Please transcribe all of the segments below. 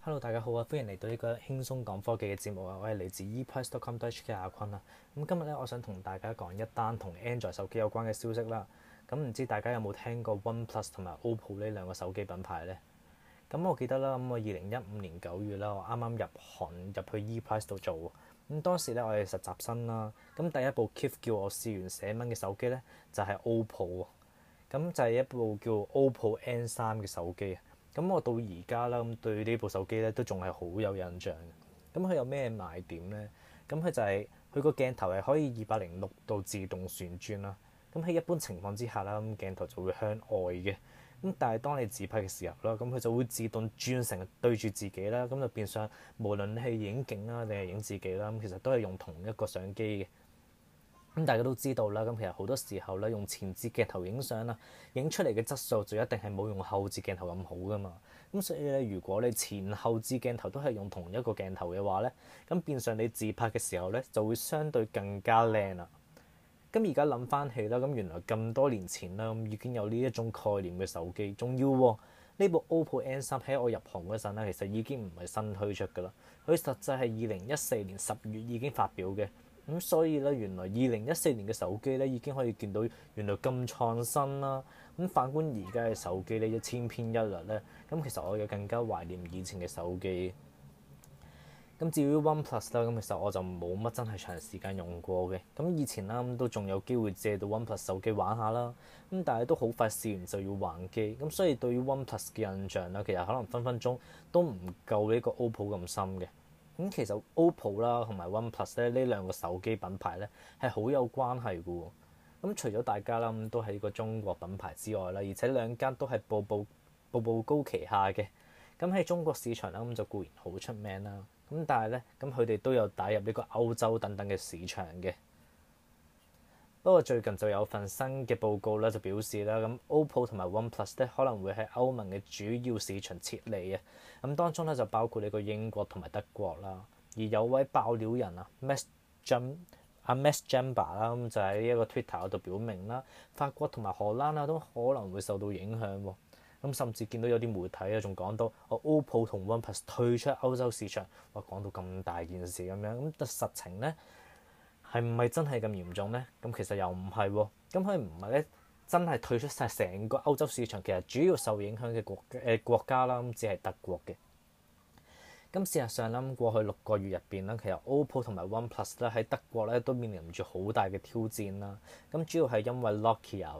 Hello，大家好啊，歡迎嚟到呢個輕鬆講科技嘅節目啊，我係嚟自 ePrice.com.hk 陳阿坤啊。咁今日咧，我想同大家講一單同 Android 手機有關嘅消息啦。咁唔知大家有冇聽過 OnePlus 同埋 OPPO 呢兩個手機品牌咧？咁我記得啦，咁我二零一五年九月啦，我啱啱入行入去 ePrice 度做。咁當時咧，我係實習生啦。咁第一部 keep 叫我試完寫文嘅手機咧，就係 OPPO 喎。咁就係一部叫 OPPO N 三嘅手機。咁我到而家啦，咁對呢部手機咧都仲係好有印象。咁佢有咩賣點咧？咁佢就係佢個鏡頭係可以二百零六度自動旋轉啦。咁喺一般情況之下啦，咁鏡頭就會向外嘅。咁但係當你自拍嘅時候啦，咁佢就會自動轉成對住自己啦，咁就變相無論你係影景啊定係影自己啦，咁其實都係用同一個相機嘅。咁大家都知道啦，咁其實好多時候咧用前置鏡頭影相啦，影出嚟嘅質素就一定係冇用後置鏡頭咁好㗎嘛。咁所以咧，如果你前後置鏡頭都係用同一個鏡頭嘅話咧，咁變相你自拍嘅時候咧就會相對更加靚啦。咁而家諗翻起啦，咁原來咁多年前啦，已經有呢一種概念嘅手機，仲要喎、啊。呢部 OPPO N 三喺我入行嗰陣咧，其實已經唔係新推出噶啦，佢實際係二零一四年十月已經發表嘅。咁所以咧，原來二零一四年嘅手機咧已經可以見到原來咁創新啦。咁反觀而家嘅手機咧，一千篇一律咧。咁其實我有更加懷念以前嘅手機。咁至於 OnePlus 咧，咁其實我就冇乜真係長時間用過嘅。咁以前啦，都仲有機會借到 OnePlus 手機玩下啦。咁但係都好快試完就要還機。咁所以對於 OnePlus 嘅印象啦，其實可能分分鐘都唔夠呢個 OPPO 咁深嘅。咁其實 OPPO 啦，同埋 OnePlus 咧，呢兩個手機品牌咧，係好有關係嘅。咁除咗大家啦，咁都係個中國品牌之外啦，而且兩間都係步步步步高旗下嘅。咁喺中國市場啦，咁就固然好出名啦。咁但係咧，咁佢哋都有打入呢個歐洲等等嘅市場嘅。不過最近就有份新嘅報告咧，就表示啦，咁 OPPO 同埋 OnePlus 咧可能會喺歐盟嘅主要市場撤離啊。咁當中咧就包括呢個英國同埋德國啦。而有位爆料人啊，Max Jam 阿 Max Jambor 啦，咁就喺呢一個 Twitter 度表明啦，法國同埋荷蘭啊都可能會受到影響喎。咁甚至見到有啲媒體啊，仲講到我 OPPO 同 OnePlus 退出歐洲市場，哇，講到咁大件事咁樣，咁的實情咧係唔係真係咁嚴重咧？咁其實又唔係喎，咁佢唔係咧真係退出晒成個歐洲市場，其實主要受影響嘅國誒、呃、國家啦，咁只係德國嘅。咁事實上咧，過去六個月入邊啦，其實 OPPO 同埋 OnePlus 咧喺德國咧都面臨住好大嘅挑戰啦。咁主要係因為 Nokia 啊。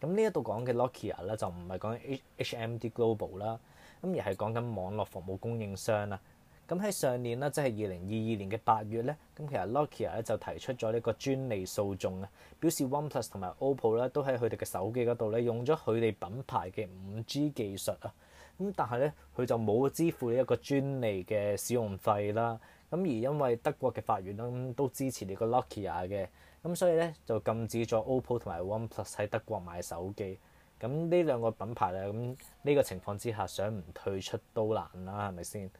咁呢一度講嘅 Nokia 咧就唔係講 HMD Global 啦，咁而係講緊網絡服務供應商啦。咁喺上年啦，即係二零二二年嘅八月咧，咁其實 Nokia 咧就提出咗呢個專利訴訟啊，表示 OnePlus 同埋 OPPO 咧都喺佢哋嘅手機嗰度咧用咗佢哋品牌嘅五 G 技術啊，咁但係咧佢就冇支付一個專利嘅使用費啦。咁而因為德國嘅法院啦，都支持你個 Nokia 嘅，咁所以咧就禁止咗 OPPO 同埋 OnePlus 喺德國賣手機。咁呢兩個品牌咧，咁、這、呢個情況之下想唔退出都難啦，係咪先？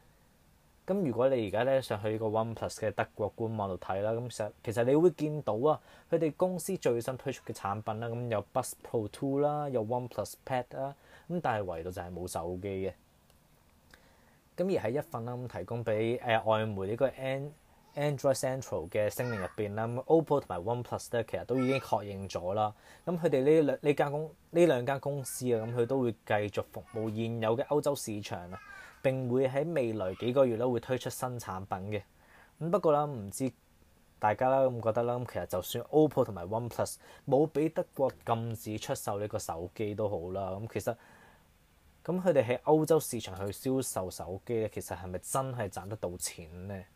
咁如果你而家咧想去呢個 OnePlus 嘅德國官網度睇啦，咁實其實你會見到啊，佢哋公司最新推出嘅產品啦，咁有 Buds Pro Two 啦，有 OnePlus Pad 啦，咁但係唯獨就係冇手機嘅。咁而喺一份啦，咁提供俾誒、呃、外媒個 And 呢個 Android Central 嘅聲明入邊啦，咁 OPPO 同埋 OnePlus 咧，其實都已經確認咗啦。咁佢哋呢兩呢間公呢兩間公司啊，咁佢都會繼續服務現有嘅歐洲市場啊，並會喺未來幾個月都會推出新產品嘅。咁不過啦，唔知大家啦咁覺得啦，咁其實就算 OPPO 同埋 OnePlus 冇俾德國禁止出售呢個手機都好啦，咁其實。咁佢哋喺歐洲市場去銷售手機咧，其實係咪真係賺得到錢咧？